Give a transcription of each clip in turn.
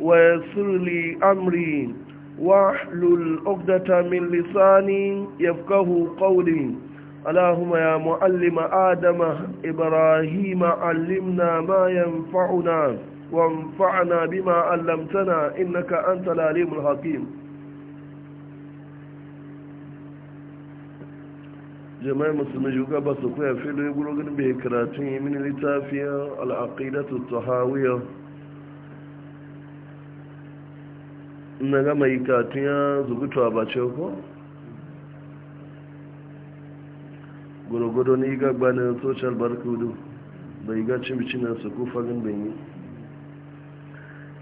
ويسر لي أمري واحلل عقدة من لساني يفقه قولي اللهم يا معلم آدم إبراهيم علمنا ما ينفعنا وانفعنا بما علمتنا إنك أنت العليم الحكيم جماعة مسلمين جوكا بسوكوا يفعلوا يقولوا قد بكراتين من لتافيا العقيدة الطهاوية na gama yi katun ya zubutuwa ba ce ko gwargwado na yi ga na social barkudu bai ga cimici na su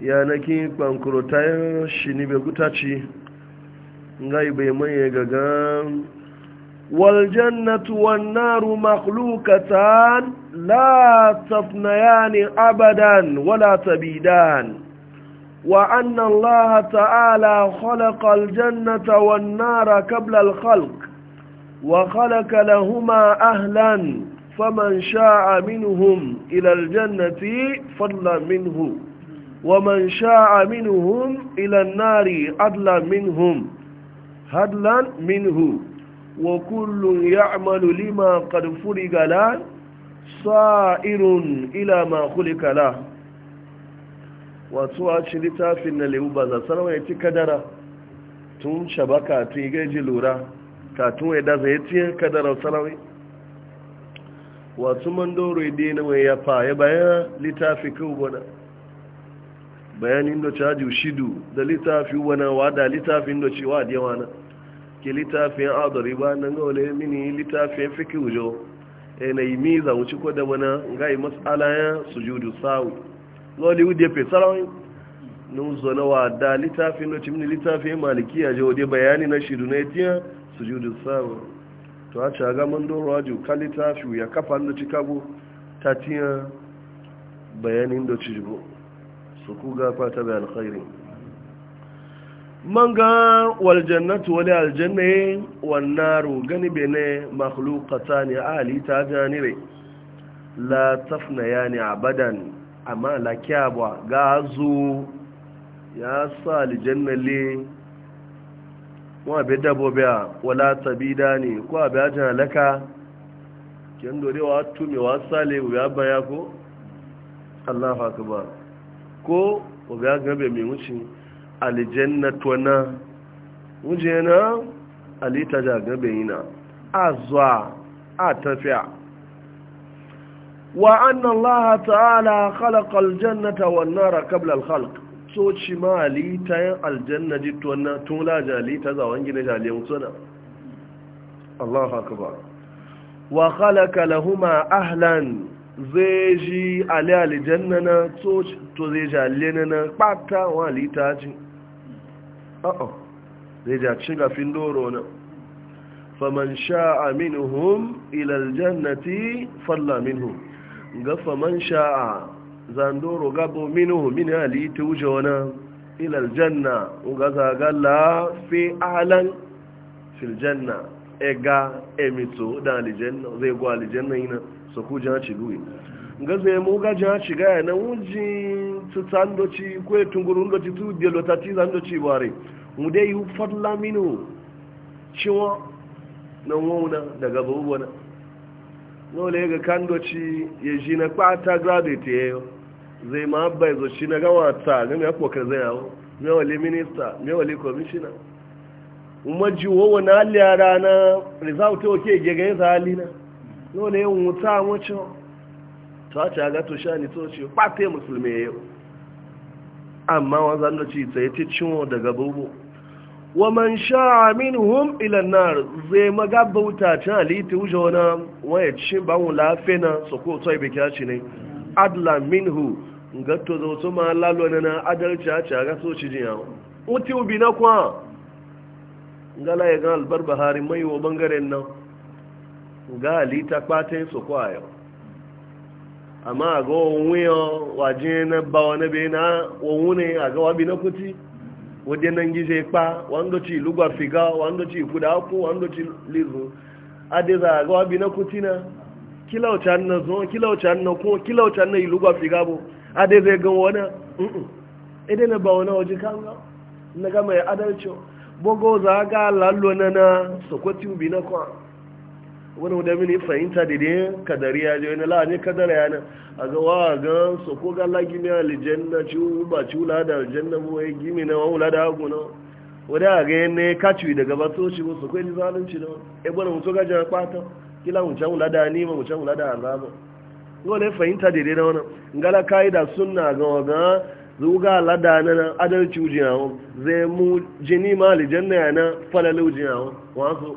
ya na kin kwankuro ta yi shi ni bai ci. nga yi bai manye gaga waljannatu wan naru makhluqatan la tafnayani abadan wala tabidan وأن الله تعالى خلق الجنة والنار قبل الخلق وخلق لهما أهلا فمن شاء منهم إلى الجنة فضلا منه ومن شاء منهم إلى النار عدلا منهم هدلا منه وكل يعمل لما قد فرق له صائر إلى ما خلق له wato a ci littafin na lewu ba za sarwa ya ci kadara tun shabaka tun yi gaji lura katun ya daza ya ci kadara sarwai wato man doro ya dina mai ya fa ya bayan littafi kan gwada bayanin da caji shidu da littafi wana wada littafin da cewa da yawa na ke littafin adari ba nan ga wale mini littafin fiki wujo yanayi mi za wuce ko da wana ga yi matsala ya sujudu sawi lollywood ya fi sarawin nun zo na wada littafin na cimni littafin maliki ya jawo bayani na shiru na etiya su ji da samu to a caga mandoro wajo kan littafi ya kafa na chicago ta tiya bayanin da cijibo su ku gafa ta bayan alkhairi man waljannatu wani aljanna wannan gani bene makhlukata ne a halitta janire la tafna ya ne abadan amma lakiya ba ga zo ya sa aljanna ko wa da bo be wala tabida ne ko abi ajana laka kin dore wa tumi wa sale wa abba baya ko Allahu akbar ko o ga gabe mai wuce aljanna na wuje na alita ja gabe ina azwa a tafiya Wa annan وأن الله تعالى خلق الجنة والنار قبل الخلق soci ma halitta yin aljanna jittu wannan tun laji halitta zawon gina jali mutuna Allah akbar wa khalaqa lahuma ahlan zai ji ali aljanna na soci to zai ji aljanna na pata wa halitta ji a'a zai ji a cin gafin doro na faman sha'a minhum ila aljannati falla minhum gafa man sha'a zandoro gabo minuhu min ali tujona ila ilal janna ga zagalla fi alan fil janna ega emito da alijanna zai gwa janna ina so ku jan ci duwi ga zai mu ga jan ci ga na wuji tutan ci ko e tungurun doci tu belotati zan ci bare mu dai yi fadla minu ciwon na wona daga babu wani nole ga kandochi ya ji na kpata graduate ya yi zai ma abba ya zoci na gawa ta ga mai ya zai yawo minista mewali komishina. umarji wowa na aliya rana result ta oke gega ya zali na nole ya wuta wacin ta ce ga to sha ni to ce kpata ya musulmi ya yi amma wanzan da ci tsaye ta cinwo daga bubu wa man sha'a minhum ila nar zai maga bauta ta aliti wuce wani waye cin ba mu lafina su ko tsoyi bai kyaci ne adla minhu gato zo su ma lalona na adalci a caga so ci jiya uti ubi na kwa ngala ya ga albar bahari mai wa bangaren nan ga alita kwatin su kwa yau amma a ga wani wajen na bawa na bai na wani a ga wabi na kuti wadda nan zai kpa wanda ci lugwa figa wanda ci kuda ku wanda ci lizu ade za ga bi na kutina kila an na zuwa kila an na kuma kila na yi lugwa figa bu ade zai gan wani idan na ba wani waje kan ga na gama ya adalci bugu za ga lallo na na sokotin bi na kwa wani da mini fahimta da ne kadari ya ji wani la'ani kadara yana a ga wa ga so ko ga la gimi aljanna ci ba ci wula da aljanna mu wai gimi na wa wula da hagu na wani a ga ne kaci daga ba so ci ba so ko ji zalunci na e bana mu so ga jan kwata kila mu can wula da ni ma mu can wula da azaba wani ne fahimta da ne na wani ngala kaida sunna ga wa ga zuga lada na nan adalci ujiyawo zai mu jini ma aljanna yana falalu ujiyawo wasu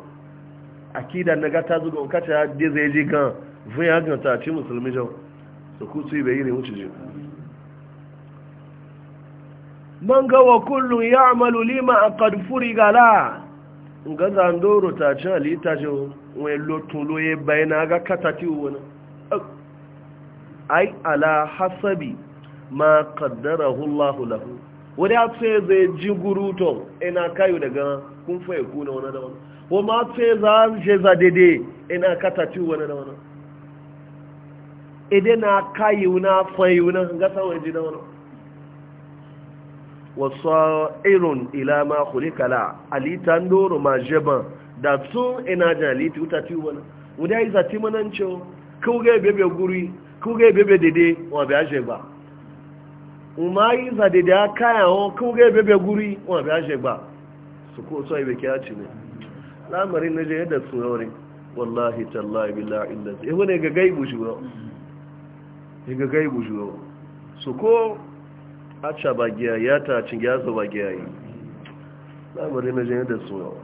akida na gata zuga kata ya de zai ji gan vun ya gan ta ci musulmi jau su kutu yi yi ne wuce ji man ga wa kullum ya amalu lima a kadfuri gala ga zandoro ta ci halitta ce wani lotun loye bayan aga kata ti wani ai ala hasabi ma kaddara Allahu lahu wani a tsaye zai ji guruton ina kayo daga kun faye kuna wani da wani wa ma ce za a ce za dede ina kata ci wani da wani idan na kayi wuna fayi wuna ga sawai ji da wani wasu irin ilama kulikala alitan doro ma jeban da tun ina jan aliti wuta ci wani wuda yi zati mananci kuga bebe guri kuga bebe dede wa bi aje ba umma yi za dede aka yawon kuga bebe guri wa bi aje ba su ko so ibe kya ci ne lamarin na je da tsoron wallahi tallahi billahi illazi eh wani ga gaibu juwa eh ga gaibu juwa su ko a ca bagiya ya ta cin ya zo bagiya yi lamarin na je da tsoron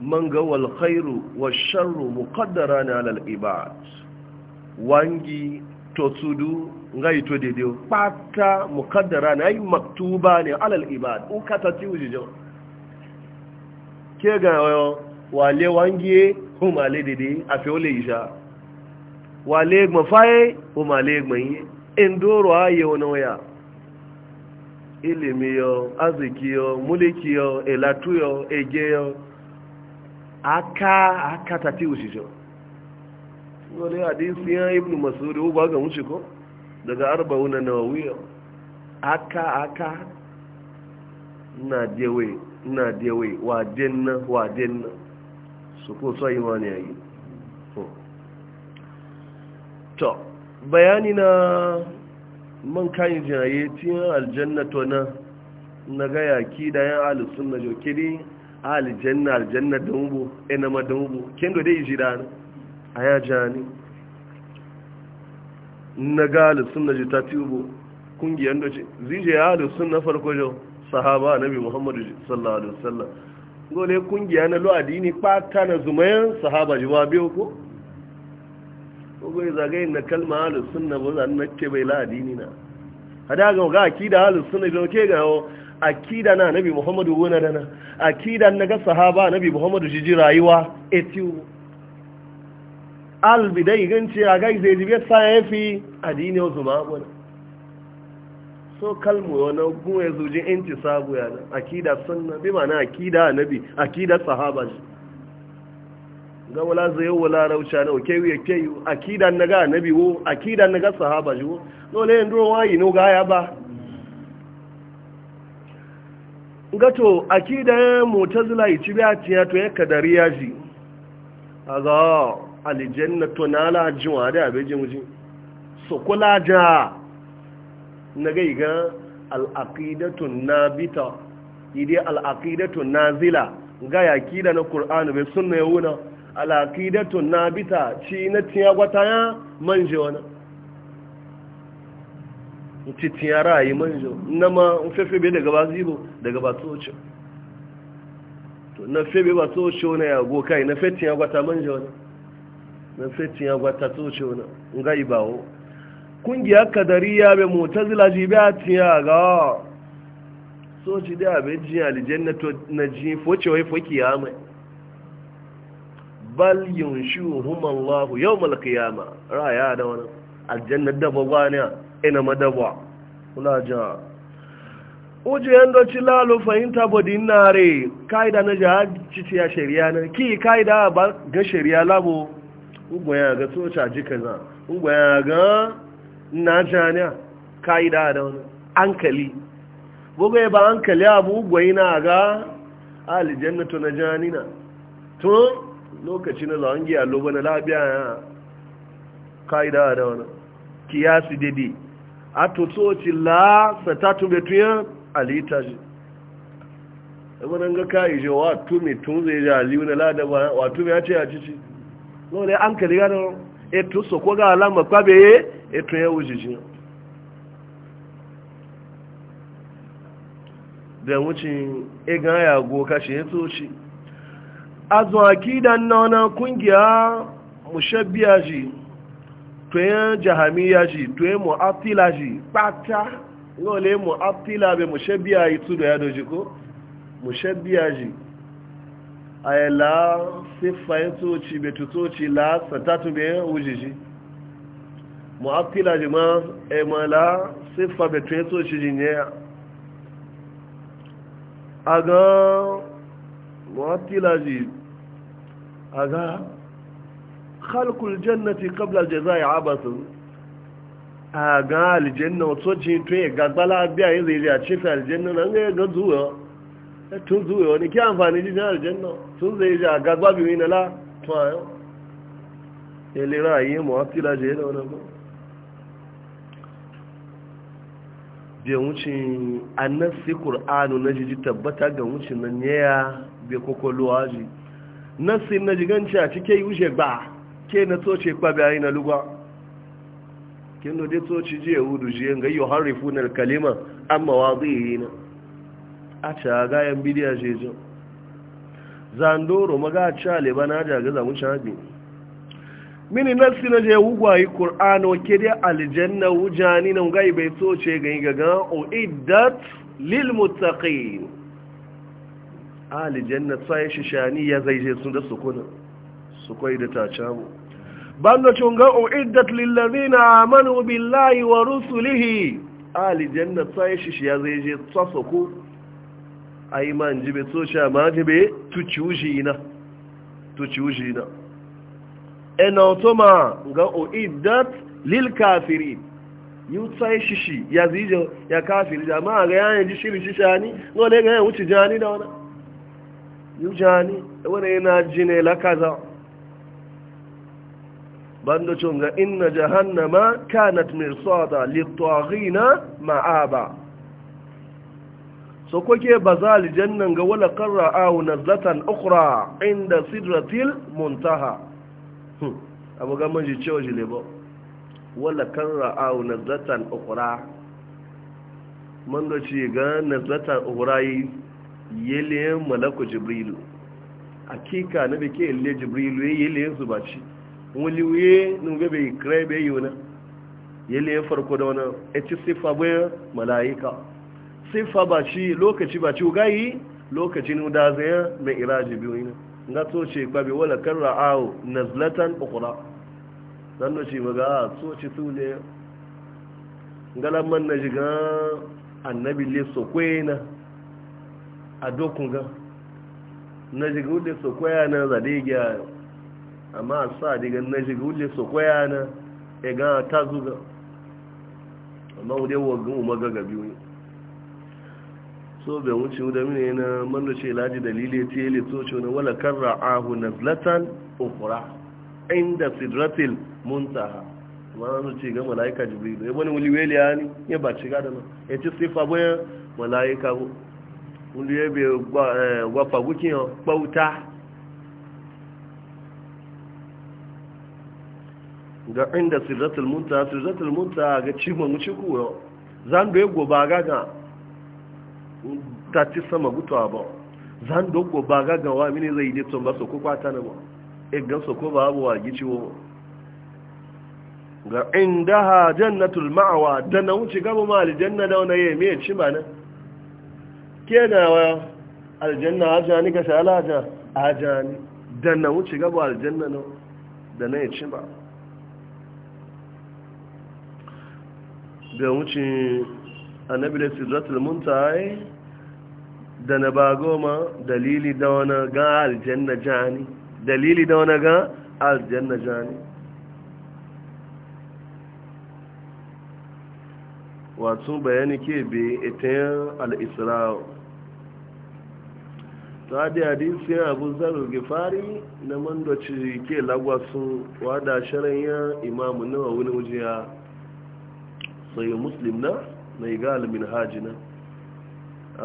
man ga wal khairu wa sharru muqaddaran ala al ibad wangi to tudu ngai to dede pata muqaddara na yi maktuba ne alal ibad ukata ti ujijo kí ga ọ̀yọ́ wà o ma le dede afi o faye ma le egbon yi endoro aye yìí ilimi aziki muliki yo elatu aka aka tati ya ga mushiko daga arba'una nawawiyo aka na dewe wa na wa na su ko yi wani yayi to bayani na man kan jaye tin to na na ga yaki da yan sunna jo kidi aljanna aljanna dumbu ina ma dumbu kendo dai jira aya jani na ga sunna jo tatubu kungiyan do ce zije sunna farko jo sahaba nabi muhammadu sallallahu alaihi wasallam gole kungiya na lo adini pata na zumayan sahaba jiwa biyu biyo ko ko ya zagaye na kalma ahlus sunna ba zan nake bai la adini na hada ga ga akida ahlus sunna da ke ga akida na nabi muhammadu wona dana akida na ga sahaba nabi muhammadu ji rayuwa etiu al bidai ganci a ga zai jibe sa fi adini zuma wannan so kalmu wani kuma ya zuje inci sabu ya nan akida sunna bi mana akida annabi akida sahaba shi ga wala zai wala raucha na oke wiye ke yi akida na ga nabi wo akida na ga sahaba shi wo dole yin duro wayi no ga ya ba gato akida zula yi ci biya tiya to ya ya ji a ga alijen to na ala jiwa da abejin wuji sokola da na ga gaiga al'aqidatun nabita idi na zila ga yaki da na qur'ani bai na ya wuna na bita ci na tiya gwata ya manje wani ci tiya ra'ayi manje na ma fefe bai daga ba zibo daga ba tsoci to na fefe ba tsoci wani ya go kai na fe tiya gwata manje wani na fe tiya gwata tsoce wani ga ibawo kungiya kadariya bai mutazila ji bai tiya ga so ci da bai ji alijen na ji foce wai foki ya mai bal yau Allah ma. qiyama raya da wani aljanna da gwaniya ina madabwa kula a. oje yando ci lalo fahimta bodin nare kaida na ji ci ci ya shari'a na ki kaida ba ga shari'a labo ugbo ya ga a jikin kaza ugbo ya ga na janiya ka'ida da wani ankali bugai ba ankali abu gwai na ga alijannatu na na tun lokaci na zawangi a lobe na labiya ya ka'ida da wani kiyasi dede a tutoci la satatu betuyen alitaji ɗabanin ga ka'ije wa tumi tun zai ji aliyu na ladaba wa tumi ya ce ya cici lori ankali gano etu so ko ga alama kwabe eto ya wujiji da wucin igan e yago kashe ya e toci a zuwa kidan na wani kungiya mushabbiya ji tuyen jahamiya ji tuyen mu'attila ji pata yole mu'attila be mushabbiya yi tudu ya doji ko mushabbiya ji a yi la siffayin toci be tutoci la satatu be wujiji mu'akkila jima e eh, mala siffa be teso shi jinya aga mu'akkila ji aga khalqul jannati qabla al-jazaa'i abasun aga aljanna wato ji to e gagbala biya yin zai ya cifa aljanna nan ga ga zuwa e, tun zuwa ne ki amfani ji aljanna tun zai ja gagba bi na la to ayo elera yi mu'akkila je da bai wucin annasi ƙur'anu na jiji tabbata ga wucin nan yaya bai koko ji nasi na jiganci a cike yi wuce ba ke na toce kwa yi na lugwa ke no dai ji ya hudu ji yanga yi har na kalima amma mawa zai yi na a ci a gayan bidiyar jejin zandoro maga a leba na jaga zamucin abin mini nasi na je wugwayi ƙur'ano ke dai aljanna wujani na ngai bai so ce gani gaga o iddat lil muttaqin aljanna sai shishani ya zai je sun da sukuna kai da ta chamu bando ga o iddat lil ladina amanu billahi wa rusulihi aljanna sai shi ya zaije tsasoko ai man jibe so cha ma jibe na tu chuji na ena otoma ga oiddat lil kafirin yutsa shishi ya zijo ya kafiri jama'a ga yayin ji shiri shishani ngole ga wuce jani da wannan yujani e wani yana jine la kaza bando chunga inna jahannama kanat mirsada lit na ma'aba so koke bazal jannan ga wala qarra'u nazlatan ukhra inda sidratil muntaha Hmm. abu gama ji cewa ne lebo wala kan ra'au na zartar ukura man ga ci ga na zartar ukura yi yeliyan malaku jibrilu kika na bai ke ile jibrilu ya yeliyan su ba ci wani wuye nunga bai kira bai yi wani yeliyan farko da wani a e ci siffa bai mala'ika siffa ba ci lokaci ba ci gayi lokacin da zai mai iraji biyu ne na toce kwabe wala kan ra'awo na zlatan ukura zan da shi maga a ah, toce su ne man na shiga annabi le sokwe na a dokun ga na shiga wule sokwaya na zade gya amma a sa diga na shiga wule sokwaya na e ga ta zuga amma wule wa gan umaga ga biyu ne so bai wuce da mine na manda ce laji dalilai ta yi ce wani wala karra ahu na zlatan ukura inda sidratil muntaha ma ce ga malaika jibrilu ya bani wuliweli ya ni ya ba ci gada na ya ci sifa bayan malaika bu wuli ya bai gwafa eh, gukin ya bauta ga inda sidratil muntaha sidratil muntaha ga ci mu ci kuwa zan da ya goba gaga ta ci sama gutuwa ba zan dogo ba gagawa mini zai yi tun ba su ko kwata na ba igan e su ko ba abu wa gici wo ga inda ha jannatul ma'awa da na wuce gaba ma aljanna da wani yami ya ci mana ke na wa aljanna ajani ni ka shala aja da na wuce gaba aljanna na da na ya ci ba da wuce annabi da sirratul muntaye da na ba goma dalili da wani ga aljanna jani dalili da wani ga aljanna jani wato bayani ke be itayen al'isra'u ta da hadisiyar abu zarar gifari na mandoci ke lagwasu wada shirayen imamu nawa wani wujiya sai muslim na mai gal min hajina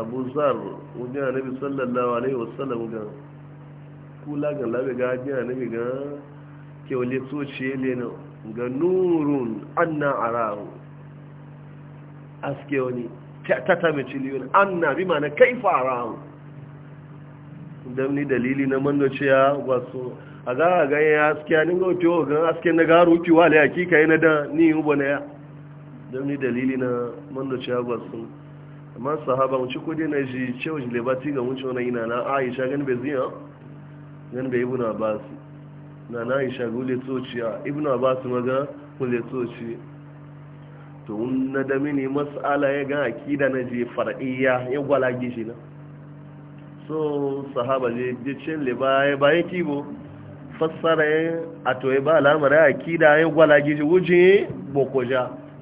abu zar wani anabi sallallahu alaihi wasallam ga kula ga labi ga ni anabi ga kewale wale tsoci ne ga nurun anna arahu aske wani tata mai ciliyon anna bi ma na kaifa arahu don ni dalili na mandoci ya wasu a ga a ga ya aske ni ga wa ga aske na garu kiwa da yi na da ni yi ubo na ya don ni dalili na mandoci abuwa sun amma sahaba wuce kudi na ji cewa ji lebati ga wuce wani ina na aisha gani bai ziyan gani bai ibu na basu na na aisha ga wule tociya ibu na basu maga wule toci to na da mini mas'ala ya ga akida na ji far'iyya ya gwala gishi na so sahaba je je cin leba ya bayan kibo fassara ya a to ya ba alamar ya akida ya gwala gishi wujin bokoja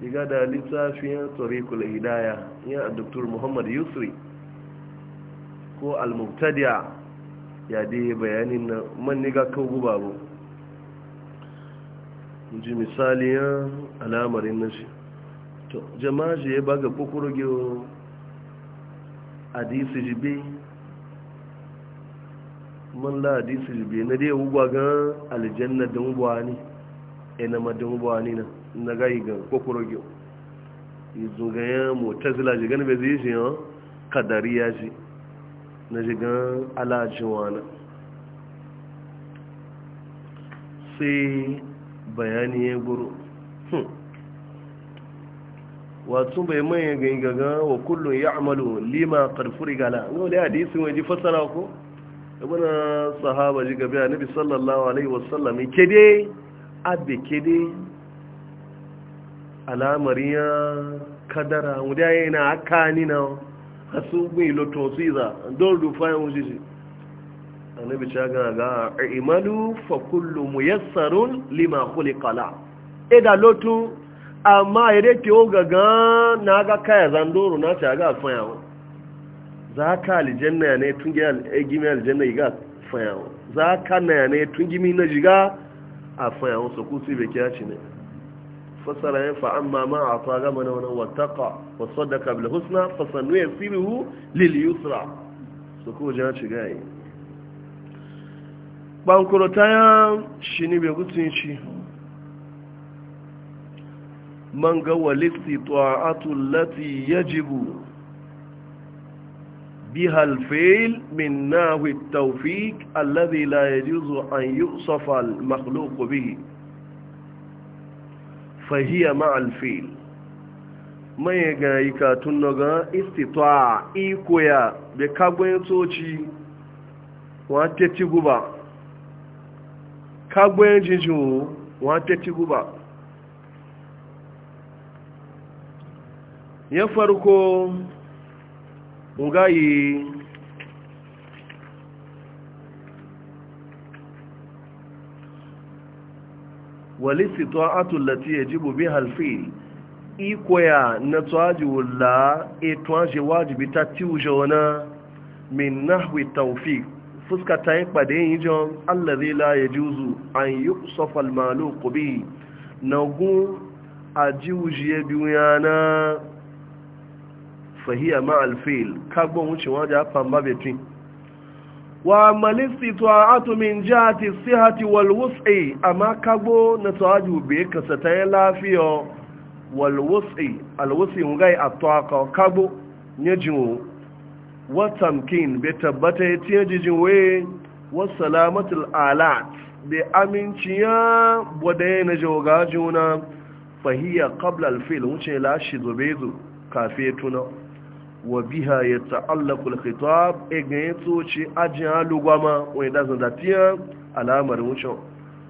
diga da littafin da hidaya ya dr muhammad yusri ko al-muqtadiya ya dai bayanin na maniga kan guba bu ji ya alamarin na shi to jama'a shi ya baga kukurugi hadisi jibe man la hadisi jibe na dai wugwa ga aljanna dangwa ne ina ma dangwa ne na na gai ga kokoro gyo izu ga ya mutazila ji bai zai shi yawan kadari ya ji na jigan alajiwana sai bayani ya guru hmm. wato bai manya gani gaga wa kullum ya amalu lima karfuri gala yau da hadisin waje fasara ko ibina sahaba ji gabi a nabi sallallahu alaihi wasallam ke dai abe ke dai al'amari ya kadara wadda ya na aka ni na hasu gbin iloto su don rufa yawon A annabi ta gana ga imalu fa kullu yassarun lima kala ida e lotu amma ire ke o gaga na ga kaya zandoro na a ga wa. za ka na ne tun ga gimi aljanna ga wa? za ka na ne tun gimi na jiga a wa so ku sibe kiyaci ne fasara ya fa amma ma a ta gama na wani wataka wasu da kabila husna fasannu ya siru lil yusra su ko jan shiga yi bankuro ya shi ne bai gutsun shi man ga walisti ta'atul lati yajibu min nahu من ناوي التوفيق الذي لا يجوز أن يؤصف المخلوق به fahiya ma'al manyan mai yi katun naga istitwa ikoya ya bai kagbayin tsoci wata ti guba kagbayin jinjin wata guba ya farko walisitwa'atu allati yajibu biha alfi'l ikoya na tsaji etwaje wajibi ta tiuje wana min nahwi tawfiq fuska ta yin pade yin jon allazi la yajuzu an yuqsafa almaluq bi nagu ajiuje biyana fahiya ma alfil kagbon wuce waje afan babetin wa malisi ta'atu min jihati sihati wal wus'i amma kago na tawaju be kasa ta lafiyo wal wus'i al wus'i ngai atwaqa kago nyejinu wa tamkin be tabbata yace we wa salamatul alat be amincinya bodai na jogajuna fahiya qabla al fil wuce la shi zobezu kafe tuna wa biha ya ta'allaku al-khitab e ganyen to ce halugwa ma wani dazin da tiya alamar wucin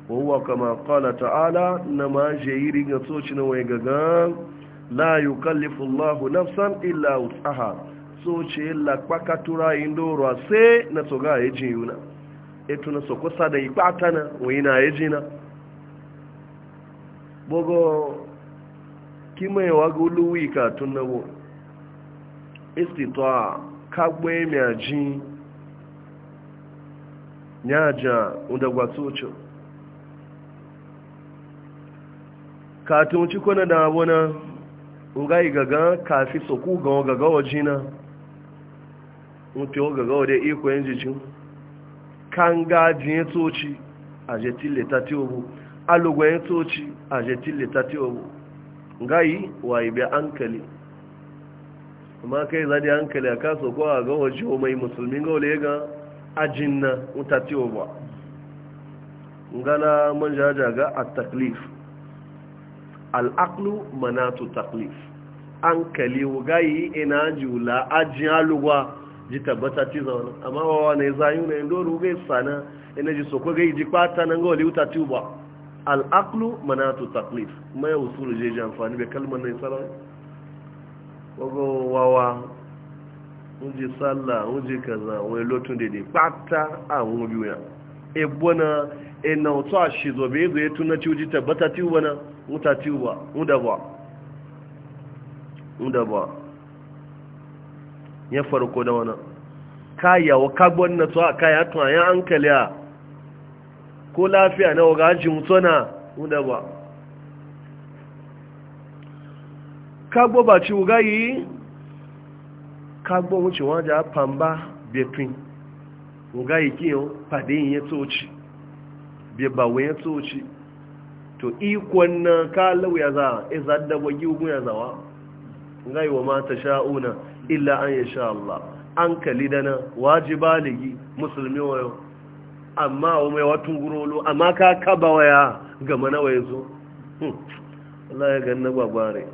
huwa kama kala ta'ala na ma je yi riga ce na wani gaga la yi kallifin lahu nafsan illa wutsaha tsoci lakpaka tura yin doro sai na tsoga ya e ji yuna etu na kusa da ipata na wani e na ya ji na bogo kimewa guluwi ka tun na wo istitwa kagbe miaji nyaja udagwatucho ka ciko na da abuna ngai gaga kafi soku ga gaga wajina mutu gaga wade iko yanjicin kan gajin toci a jetin letati obu alugwayen toci a jetin letati obu ngai wa ibe ankali amma kai zadi hankali a kaso ko a ga waje mai musulmi ga wale ga ajin na mutatiwa ba ngana man jaja ga a taklif al'aklu manatu taklif an kali wugayi ina jula ajin aluwa ji tabbata ci zaune amma wawa ne zayu na yin doru gai sana ina ji soko gai ji kwata nan ga wale mutatiwa al'aklu manatu taklif mai usulu je amfani bai kalmar na sarari. ogo wawa nji sallah nji kaza wani lotun dede pata a wuri ya ebo e na ina otu a zobe ego ya tuna ci uji tabbata ti uba na muta ti uba muda ba ya farko da wani kaya wa kagbon na tuwa kaya tuwa ya hankali a ko lafiya na waga hajji mutuna na ba kagbo ba ci wuga yi kagbo wuce wọn ja pamba bepin wuga yi kiyan pade yin yato oci beba wen yato to ikon na ka ya za a za da wagi ugun ya zawa wuga wa mata sha'una illa an ya Allah an kali dana wajiba ligi musulmi wayo amma wa mai watun gurolo amma ka kaba waya ga mana waye zo Allah ya ganna gwagware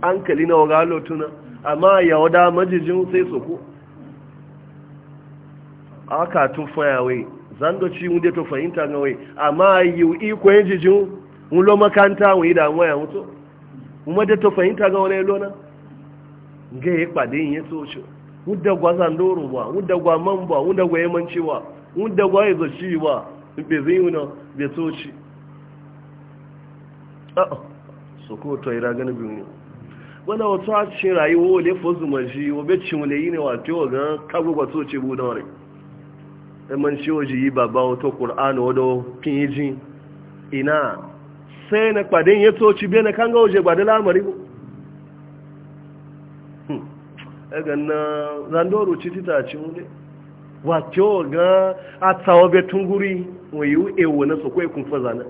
hankali na waga lotuna amma ya wada majijin sai su ku aka tun fayawai zandoci wunde to fahimta ga wai amma yi iko yin jijin wulo makanta wuyi da waya mutu kuma da to fahimta ga wani lona ga ya kwade yin ya soci wudda gwa zandoro ba wudda gwa man ba wudda gwa yamanci ba wudda gwa ya zoci ba be zai yi na be soci a'a ah, ah, so ko to ira ganin biyu ne wani wato a ce rayuwa wale fosu manshi wabe wale yi ne wato wa gan kagbo ba so ce bu wani man shi waje yi babba wato ƙur'an wado kin yi ina sai na kwadin ya ci bene na kanga waje ba da lamari ba hmm. ga na zandoro ci tita ci wule wato gan a tsawo bai tunguri wayo ewo na so kwai kun fa zana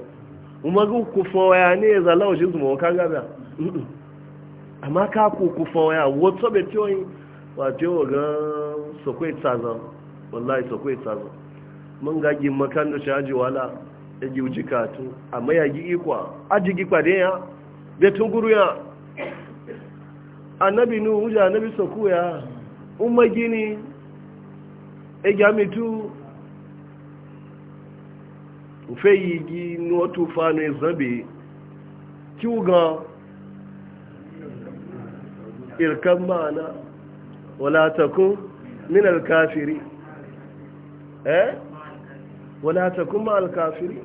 umaru kufa waya ne zala waje zuma wa kanga ba hmm, hmm. amma ka kuku fawaya wato bai tiyoyi wato yau ga sakwai tsazan wallahi sakwai tsazan mun gagi makan da shi aji wala ya gi wuce katu amma ya gi ikwa aji gi kwade ya da tunguru ya annabi nu wuce annabi sako ya umma gini ya gi amitu ufe yi gi nuwa tufanu ya zabe kiwu irkan ma'ana walataku min alkafiri eh walataku ma alkafiri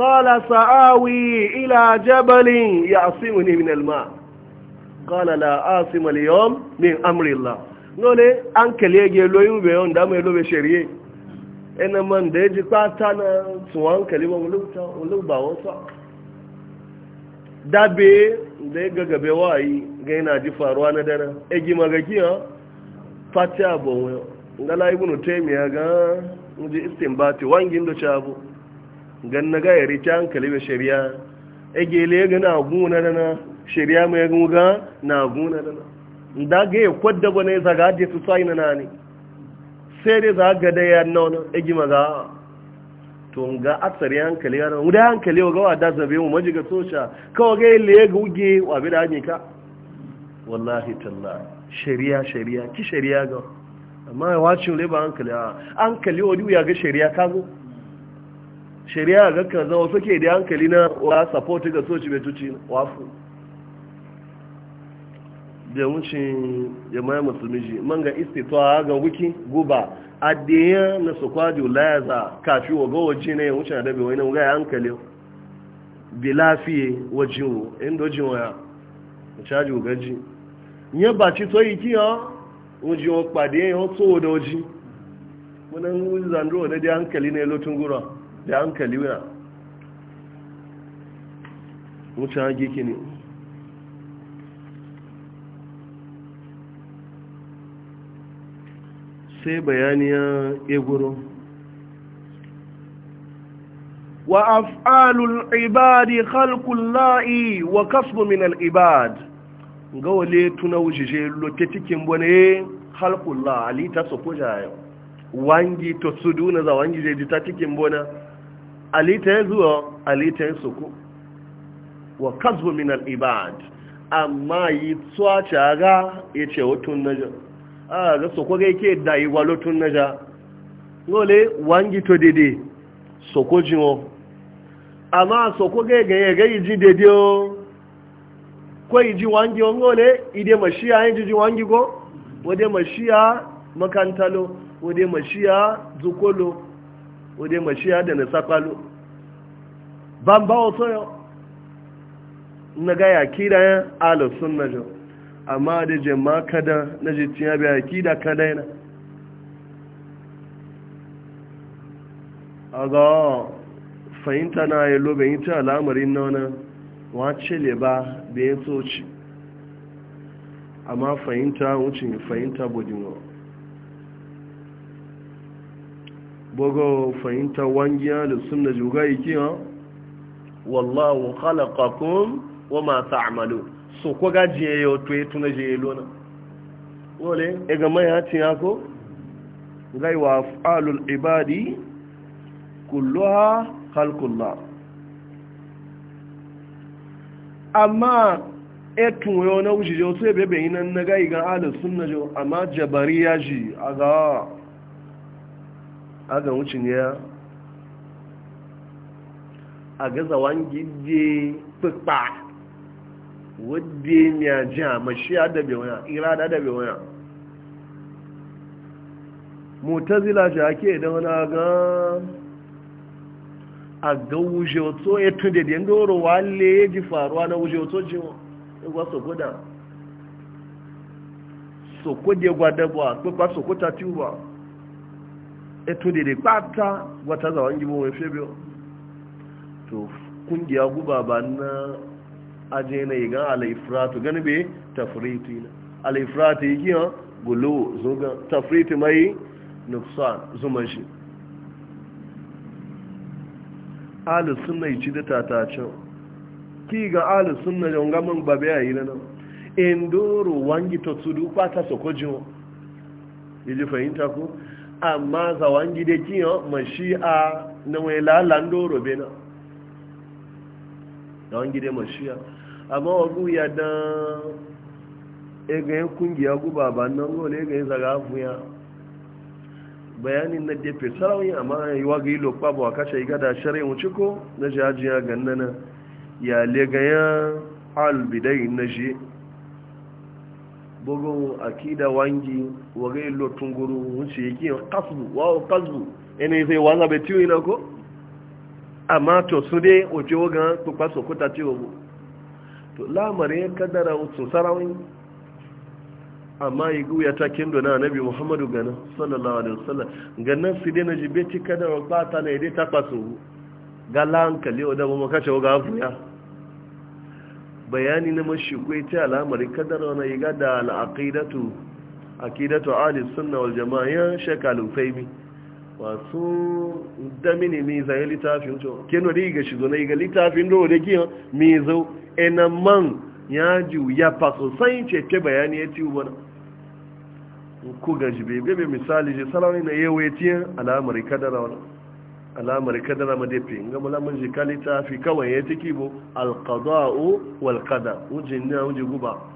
ƙala sa'awi ila jabalin ya asimu ne min alma ƙala la'asim min amurila nole an kele ge loyin beyon da mai lobe shari'e ina man da ya ji kwata na tsohon kalibon lubawansa dabe da ya gagabe yi ga yana ji faruwa na dana e egi magagiya fati abu wayo ngala ibn ya ga muje wangi wangin do chabu gan na ga ya ta hankali be shari'a ege le ga na guna dana shari'a mai ga muga na guna dana da ga ya kwadda bane zaga je su sai na nani sai dai za ga da ya nona egi maga to ga atsari hankali yana wuda hankali wa gawa da zabe mu majiga tosha kawai ga ile ya guge wa bi da hanyar ka wallahi talla shari'a shari'a ki shari'a ga amma ya wace wule ba hankali a hankali wani ya ga shari'a kago shari'a ga kaza wasu ke da hankali na wa support ga soci bai tuci wafu da wucin jama'a musulmi ji man ga istitwa ga wiki guba adiyan na su kwaji laya za kafi wa ga waje ne wuce da bai wani wuga ya hankali bi lafiye waje wo inda waje ya caji ugaji nye baci to yi kiya waje wa kpade ya yi to da waje wani wuzi zandro da da hankali ne lotun gura da hankali wuya wuce ha ne sai bayaniya eguro wa af'alul ibadi khalqul la'i wa kasbu min al ibad gawale wale tuna wujije loke cikin bone khalqul la ali ta so koja wangi to suduna za wangi je ta cikin bona ali ta zuwa ali ta suku wa kasbu min al ibad amma yi tsawa ga yace wato najin a ga soko ga yake da yi walotun na ja dole wangi to dede soko jiwo amma soko ga ga ya ga ji dede o ko yi ji wangi on dole ide mashiya yin ji wangi go wode mashiya makantalo wode mashiya zukolo wode mashiya da na sakalo ban ba o soyo na ga ya kira alusun na jo amma da jama kada na jitin ya biya ki da kada yana a ga fahimta na ya lobe yi ta al'amarin na wani wace le ba da ya soci amma fahimta wucin fahimta bodinwa bugo fahimta wangiya da sun da jugayi iki ha wallahu wa masu amalu so ko ya yau to tuna je ya lona wale ya ga mai hacin ya ko gai wa falul ibadi kulluha halkulla amma etun yau na wuce jau sai bebe yi nan na gai ga ala sunna jau amma jabari ya ji a ga a ga wucin ya a ga wangi gidje pípa wadda miya jiha mashi adabe wani irada adabe wani mutazila shi ake da wani ga a ga wuje wato ya tunde da yanga wuri wale ya ji faruwa na wuje wato jiwa igwa sokoda sokode gwadabwa kwekwa sokota tuba ya tunde da kwata wata zawon gibo mai febio to kungiya guba ba na aje na yi gan alaifratu gani be tafriti na alaifratu yi giyan gulu zuga tafriti mai nuksan zuman shi ahalus sunna yi ci da tatacin ki ga ahalus sunna ga min babe a yi na nan indoro wangi ta tudu kwata sokojin yaji fahimta ko amma za wangi da kiyan a na wai lalan doro bena da wangi da mashi'a amma wagu ya dan egayen kungiya guba ba nan gole egayen zaga fuya bayanin na defe sarawin amma yi waga yi lokpa ba kashe yi gada shari'in wuce ko na jajiya gannana ya legayen albidai na shi bugun akida wangi waga yi lotun guru wuce yake yin kasbu wawo kasbu yana zai wanga bai tiyo ina ko amma to su dai oje waga tukwa tiyo to lamarin ya kaddara su sarawin amma yi guya ta kindo na nabi muhammadu gana sallallahu alaihi wasallam ganin su dina na jibe ci kaddara ba ta na idai ta kwaso ga lankali wadda ba makace ga afuya bayani na kwai ta lamari kaddara wani yi gada al'aqidatu akidatu ahli sunna wal jama'a ya shekalu faimi wasu damini mai zai littafin to keno da yi ga shi zo na yi ga littafin da wadda kiyan mai zau ina man ya ji ya fa sosai cece bayani ya ci wani ku gaji bai bebe misali ji salami na yau ya tiyan alamar kadara wani alamari kadara ma dafi ga mulamin ji kalita fi kawai ya tiki bo alkada'u wal kada wujin na wujin guba